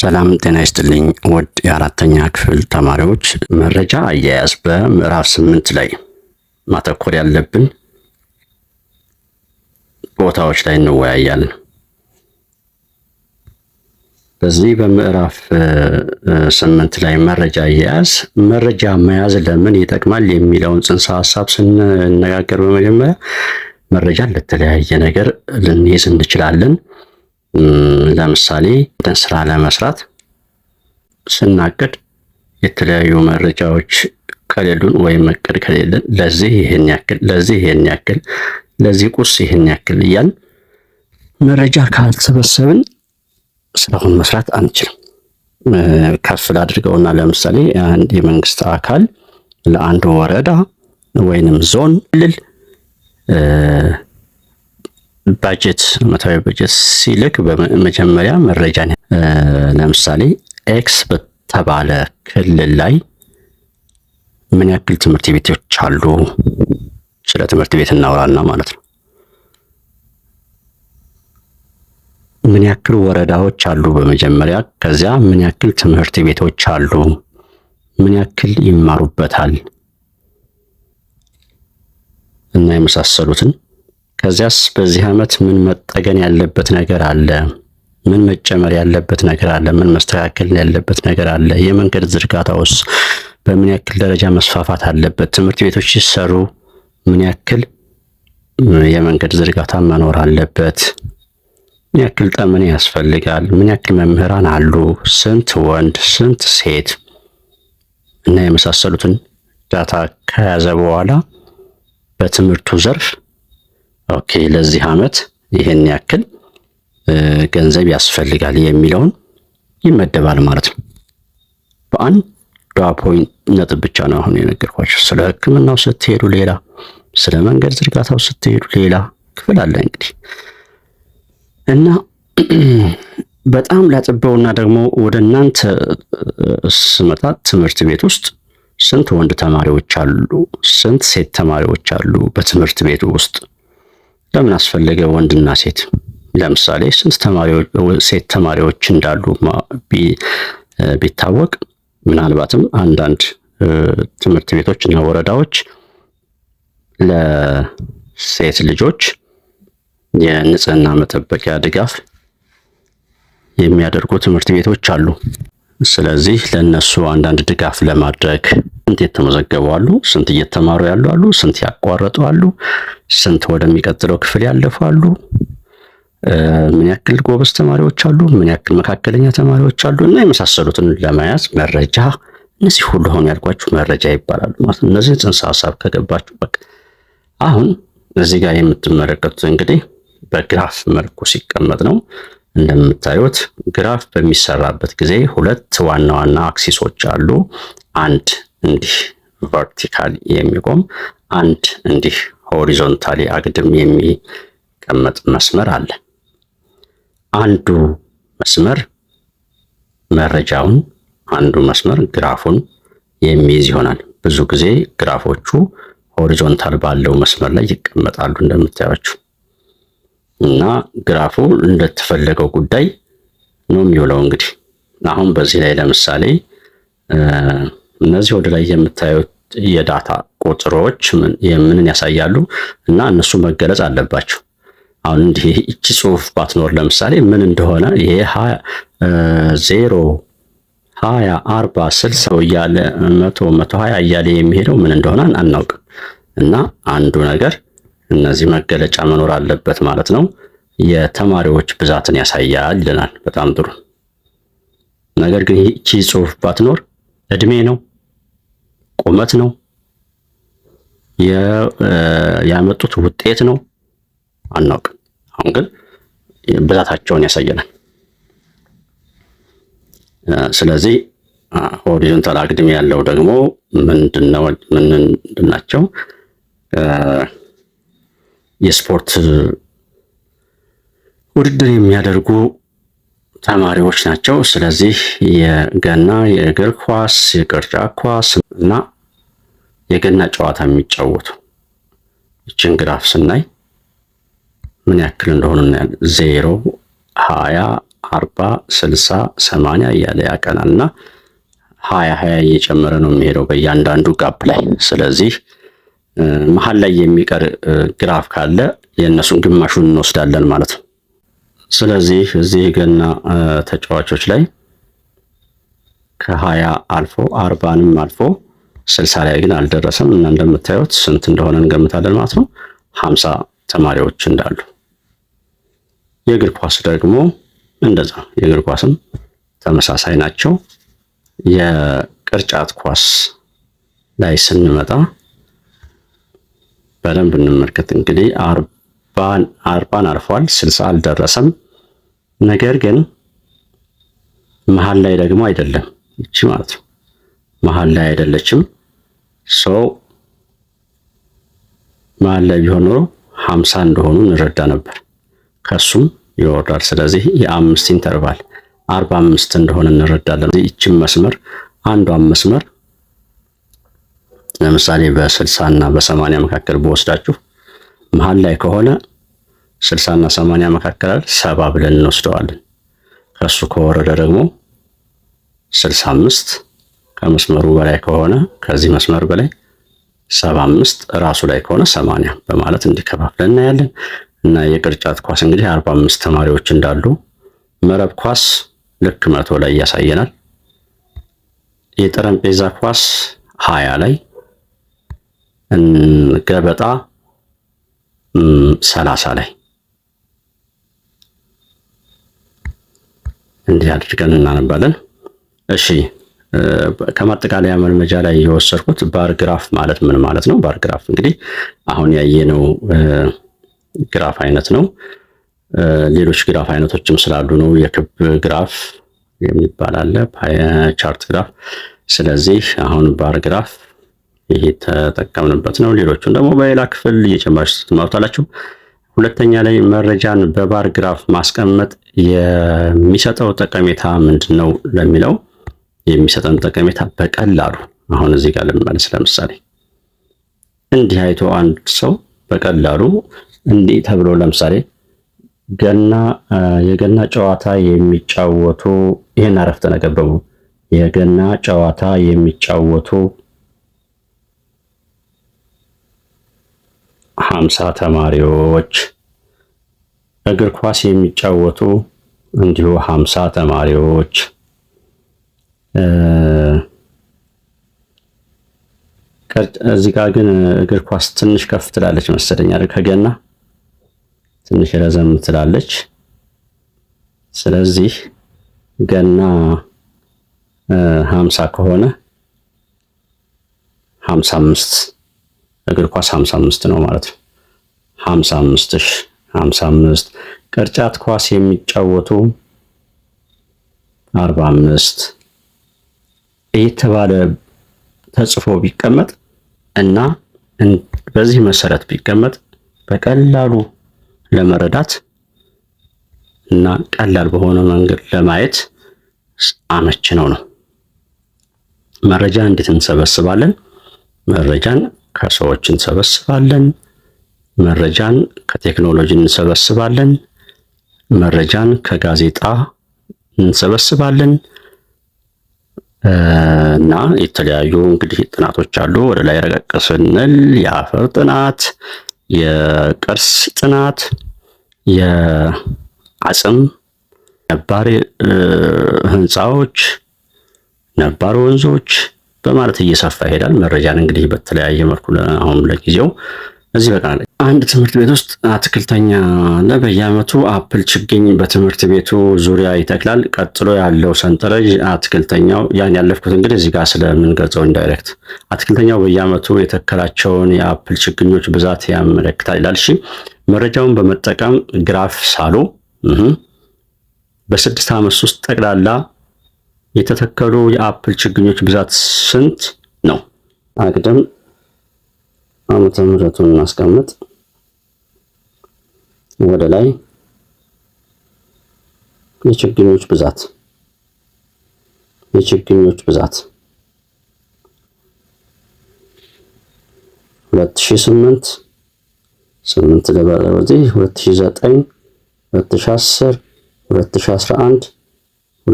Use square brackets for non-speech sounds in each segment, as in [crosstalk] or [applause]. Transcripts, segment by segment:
ሰላም ጤና ይስጥልኝ ውድ የአራተኛ ክፍል ተማሪዎች፣ መረጃ አያያዝ በምዕራፍ ስምንት ላይ ማተኮር ያለብን ቦታዎች ላይ እንወያያለን። በዚህ በምዕራፍ ስምንት ላይ መረጃ አያያዝ መረጃ መያዝ ለምን ይጠቅማል የሚለውን ጽንሰ ሀሳብ ስንነጋገር በመጀመሪያ መረጃን ለተለያየ ነገር ልንይዝ እንችላለን። ለምሳሌ ስራ ለመስራት ስናቅድ የተለያዩ መረጃዎች ከሌሉን ወይም እቅድ ከሌለን ለዚህ ይህን ያክል ለዚህ ይህን ያክል ለዚህ ቁስ ይህን ያክል እያልን መረጃ ካልሰበሰብን ስራውን መስራት አንችልም። ከፍል አድርገውና ለምሳሌ አንድ የመንግስት አካል ለአንድ ወረዳ ወይንም ዞን ክልል ባጀት ዓመታዊ በጀት ሲልክ በመጀመሪያ መረጃን ለምሳሌ ኤክስ በተባለ ክልል ላይ ምን ያክል ትምህርት ቤቶች አሉ? ስለ ትምህርት ቤት እናውራና ማለት ነው። ምን ያክል ወረዳዎች አሉ? በመጀመሪያ ከዚያ ምን ያክል ትምህርት ቤቶች አሉ? ምን ያክል ይማሩበታል? እና የመሳሰሉትን ከዚያስ በዚህ ዓመት ምን መጠገን ያለበት ነገር አለ? ምን መጨመር ያለበት ነገር አለ? ምን መስተካከል ያለበት ነገር አለ? የመንገድ ዝርጋታውስ በምን ያክል ደረጃ መስፋፋት አለበት? ትምህርት ቤቶች ሲሰሩ ምን ያክል የመንገድ ዝርጋታ መኖር አለበት? ምን ያክል ጠመኔ ያስፈልጋል? ምን ያክል መምህራን አሉ? ስንት ወንድ፣ ስንት ሴት እና የመሳሰሉትን ዳታ ከያዘ በኋላ በትምህርቱ ዘርፍ ኦኬ ለዚህ ዓመት ይሄን ያክል ገንዘብ ያስፈልጋል የሚለውን ይመደባል ማለት ነው። በአንዷ ፖይንት ነጥብ ብቻ ነው አሁን የነገርኳቸው። ስለ ሕክምናው ስትሄዱ ሌላ፣ ስለ መንገድ ዝርጋታው ስትሄዱ ሌላ ክፍል አለ እንግዲህ እና [clears throat] በጣም ለጥበውና ደግሞ ወደ እናንተ ስመጣ ትምህርት ቤት ውስጥ ስንት ወንድ ተማሪዎች አሉ? ስንት ሴት ተማሪዎች አሉ? በትምህርት ቤቱ ውስጥ ለምን አስፈለገ ወንድና ሴት? ለምሳሌ ስንት ሴት ተማሪዎች እንዳሉ ቢታወቅ ምናልባትም አንዳንድ ትምህርት ቤቶች እና ወረዳዎች ለሴት ልጆች የንጽህና መጠበቂያ ድጋፍ የሚያደርጉ ትምህርት ቤቶች አሉ። ስለዚህ ለእነሱ አንዳንድ ድጋፍ ለማድረግ ስንት የተመዘገቡ አሉ፣ ስንት እየተማሩ ያሉ አሉ፣ ስንት ያቋረጡ አሉ። ስንት ወደሚቀጥለው ክፍል ያለፉ አሉ፣ ምን ያክል ጎበዝ ተማሪዎች አሉ፣ ምን ያክል መካከለኛ ተማሪዎች አሉ እና የመሳሰሉትን ለመያዝ መረጃ እነዚህ ሁሉ አሁን ያልኳችሁ መረጃ ይባላሉ ማለት ነው። እነዚህን ጽንሰ ሀሳብ ከገባችሁ በቃ አሁን እዚህ ጋር የምትመለከቱት እንግዲህ በግራፍ መልኩ ሲቀመጥ ነው። እንደምታዩት ግራፍ በሚሰራበት ጊዜ ሁለት ዋና ዋና አክሲሶች አሉ። አንድ እንዲህ ቨርቲካል የሚቆም አንድ እንዲህ ሆሪዞንታሊ አግድም የሚቀመጥ መስመር አለ። አንዱ መስመር መረጃውን አንዱ መስመር ግራፉን የሚይዝ ይሆናል። ብዙ ጊዜ ግራፎቹ ሆሪዞንታል ባለው መስመር ላይ ይቀመጣሉ እንደምታያቸው እና ግራፉ እንደተፈለገው ጉዳይ ነው የሚውለው። እንግዲህ አሁን በዚህ ላይ ለምሳሌ እነዚህ ወደ ላይ የምታዩት የዳታ ቁጥሮች ምንን ያሳያሉ እና እነሱ መገለጽ አለባቸው። አሁን እንዲህ እቺ ጽሁፍ ባትኖር ለምሳሌ ምን እንደሆነ ይሄ ዜሮ ሀያ አርባ ስልሳው እያለ መቶ መቶ ሀያ እያለ የሚሄደው ምን እንደሆነ አናውቅም። እና አንዱ ነገር እነዚህ መገለጫ መኖር አለበት ማለት ነው። የተማሪዎች ብዛትን ያሳያል ይለናል። በጣም ጥሩ ነገር ግን ይቺ ጽሁፍ ባትኖር እድሜ ነው ቁመት ነው ያመጡት ውጤት ነው አናውቅም። አሁን ግን ብዛታቸውን ያሳየናል። ስለዚህ ሆሪዞንታል አግድም ያለው ደግሞ ምንድነው? ምንድናቸው? የስፖርት ውድድር የሚያደርጉ ተማሪዎች ናቸው። ስለዚህ የገና የእግር ኳስ፣ የቅርጫት ኳስ እና የገና ጨዋታ የሚጫወቱ ይችን ግራፍ ስናይ ምን ያክል እንደሆኑ እናያለን። ዜሮ፣ ሀያ፣ አርባ፣ ስልሳ፣ ሰማንያ እያለ ያቀናል እና ሀያ ሀያ እየጨመረ ነው የሚሄደው በእያንዳንዱ ጋፕ ላይ። ስለዚህ መሀል ላይ የሚቀር ግራፍ ካለ የእነሱን ግማሹን እንወስዳለን ማለት ነው። ስለዚህ እዚህ ገና ተጫዋቾች ላይ ከሀያ አልፎ አርባንም አልፎ ስልሳ ላይ ግን አልደረሰም እና እንደምታዩት ስንት እንደሆነ እንገምታለን ማለት ነው ሀምሳ ተማሪዎች እንዳሉ የእግር ኳስ ደግሞ እንደዛ የእግር ኳስም ተመሳሳይ ናቸው የቅርጫት ኳስ ላይ ስንመጣ በደንብ እንመልከት እንግዲህ አርባን አልፏል፣ ስልሳ አልደረሰም። ነገር ግን መሀል ላይ ደግሞ አይደለም እቺ ማለት ነው። መሀል ላይ አይደለችም። ሰው መሀል ላይ ቢሆን ኖሮ ሀምሳ እንደሆኑ እንረዳ ነበር። ከሱም ይወርዳል። ስለዚህ የአምስት ኢንተርቫል አርባ አምስት እንደሆነ እንረዳለን። ይችን መስመር አንዷን መስመር ለምሳሌ በስልሳ እና በሰማንያ መካከል በወስዳችሁ መሀል ላይ ከሆነ ስልሳና ሰማንያ መካከል ሰባ ብለን እንወስደዋለን። ከሱ ከወረደ ደግሞ ስልሳ አምስት ከመስመሩ በላይ ከሆነ ከዚህ መስመር በላይ ሰባ አምስት ራሱ ላይ ከሆነ ሰማንያ በማለት እንዲከፋፍለን እናያለን። እና የቅርጫት ኳስ እንግዲህ አርባ አምስት ተማሪዎች እንዳሉ መረብ ኳስ ልክ መቶ ላይ ያሳየናል። የጠረጴዛ ኳስ ሀያ ላይ ገበጣ ሰላሳ ላይ እንዲህ አድርገን እናነባለን። እሺ ከማጠቃለያ መልመጃ ላይ የወሰድኩት ባር ግራፍ ማለት ምን ማለት ነው? ባር ግራፍ እንግዲህ አሁን ያየነው ግራፍ አይነት ነው። ሌሎች ግራፍ አይነቶችም ስላሉ ነው። የክብ ግራፍ የሚባል አለ፣ ቻርት ግራፍ። ስለዚህ አሁን ባር ግራፍ ይሄ ተጠቀምንበት ነው። ሌሎቹን ደግሞ በሌላ ክፍል እየጨመራችሁ ትማሩታላችሁ። ሁለተኛ ላይ መረጃን በባር ግራፍ ማስቀመጥ የሚሰጠው ጠቀሜታ ምንድን ነው ለሚለው የሚሰጠን ጠቀሜታ በቀላሉ አሁን እዚህ ጋር ልመለስ። ለምሳሌ እንዲህ አይቶ አንድ ሰው በቀላሉ እንዲህ ተብሎ ለምሳሌ ገና የገና ጨዋታ የሚጫወቱ ይህን አረፍተ ነገር በሙሉ የገና ጨዋታ የሚጫወቱ ሀምሳ ተማሪዎች እግር ኳስ የሚጫወቱ እንዲሁ ሀምሳ ተማሪዎች እዚህ ጋር ግን እግር ኳስ ትንሽ ከፍ ትላለች መሰለኝ ከገና ትንሽ ረዘም ትላለች። ስለዚህ ገና ሀምሳ ከሆነ ሀምሳ አምስት እግር ኳስ 55 ነው ማለት ነው። 55 እሺ 55 ቅርጫት ኳስ የሚጫወቱ 45 እየተባለ ተጽፎ ቢቀመጥ እና በዚህ መሰረት ቢቀመጥ በቀላሉ ለመረዳት እና ቀላል በሆነ መንገድ ለማየት አመች ነው ነው። መረጃ እንዴት እንሰበስባለን? መረጃን ከሰዎች እንሰበስባለን። መረጃን ከቴክኖሎጂ እንሰበስባለን። መረጃን ከጋዜጣ እንሰበስባለን። እና የተለያዩ እንግዲህ ጥናቶች አሉ። ወደ ላይ ረቀቅ ስንል የአፈር ጥናት፣ የቅርስ ጥናት፣ የአጽም ነባር ህንፃዎች፣ ነባር ወንዞች በማለት እየሰፋ ይሄዳል። መረጃን እንግዲህ በተለያየ መልኩ አሁን ለጊዜው እዚህ በቃ አንድ ትምህርት ቤት ውስጥ አትክልተኛ አለ። በየዓመቱ አፕል ችግኝ በትምህርት ቤቱ ዙሪያ ይተክላል። ቀጥሎ ያለው ሰንጠረዥ አትክልተኛው ያን ያለፍኩት እንግዲህ እዚህ ጋር ስለምንገልጸው ኢንዳይሬክት አትክልተኛው በየዓመቱ የተከላቸውን የአፕል ችግኞች ብዛት ያመለክታል ይላል። እሺ መረጃውን በመጠቀም ግራፍ ሳሉ በስድስት ዓመት ውስጥ ጠቅላላ የተተከሉ የአፕል ችግኞች ብዛት ስንት ነው? አቅድም ዓመተ ምሕረቱን እናስቀምጥ ወደ ላይ የችግኞች ብዛት የችግኞች ብዛት 2008 8 ገባ ወዲህ 2009 2010 2011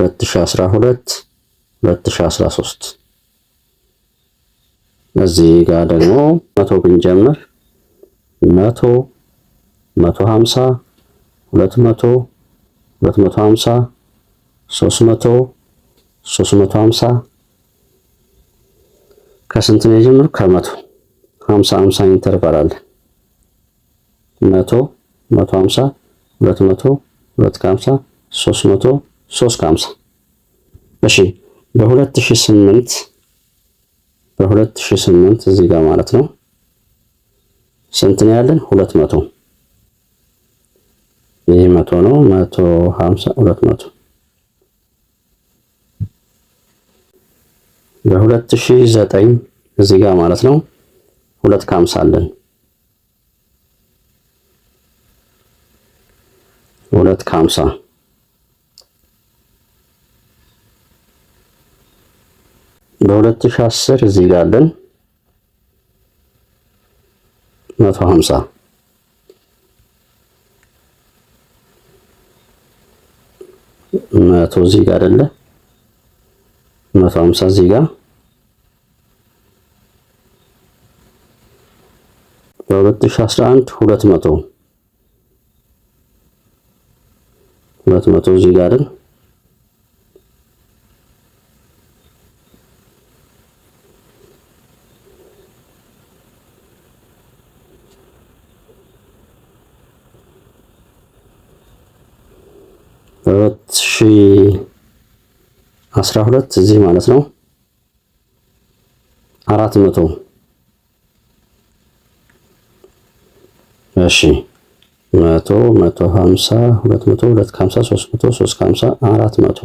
2012 2013 እዚህ ጋር ደግሞ መቶ ብንጀምር መቶ መቶ ሀምሳ ሁለት መቶ ሁለት መቶ ሀምሳ ሶስት መቶ ሶስት መቶ ሀምሳ ከስንት ነው የጀመረው? ከመቶ ሀምሳ ሀምሳ ኢንተርቫል አለ። መቶ መቶ ሀምሳ ሁለት መቶ ሁለት ከሀምሳ ሶስት መቶ ሶስት ከሀምሳ እሺ በሁለት ሺህ ስምንት በሁለት እዚህ ጋር ማለት ነው ስንት ነው ያለን ሁለት ይህ መቶ ነው መቶ ሀምሳ ሁለት መቶ በሁለት ሺህ ዘጠኝ እዚህ ጋር ማለት ነው ሁለት ከሀምሳ አለን ሁለት ከሀምሳ በ2010 እዚህ ጋር አለን 150 100 እዚህ ጋር አይደለ 150 እዚህ ጋር በ2011 200 200 እዚህ ጋር አይደል አስራ ሁለት እዚህ ማለት ነው አራት መቶ እሺ መቶ መቶ ሀምሳ ሁለት መቶ ሁለት ከሀምሳ ሶስት መቶ ሶስት ከሀምሳ አራት መቶ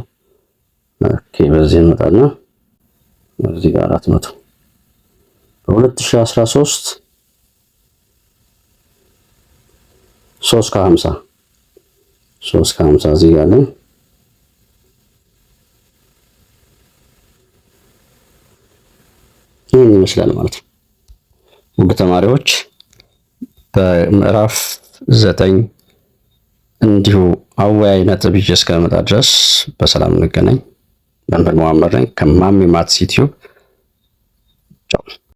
ኦኬ በዚህ እንመጣና በዚህ ጋር አራት መቶ በሁለት ሺህ አስራ ሶስት ሶስት ከሀምሳ ሶስት ከሀምሳ እዚህ ጋር ይችላል ማለት ነው። ውድ ተማሪዎች በምዕራፍ ዘጠኝ እንዲሁ አወያይ ነጥብ ይዤ እስከመጣ ድረስ በሰላም እንገናኝ። መምህር መዋመር ነኝ ከማሚ ማትስ ዩቲዩብ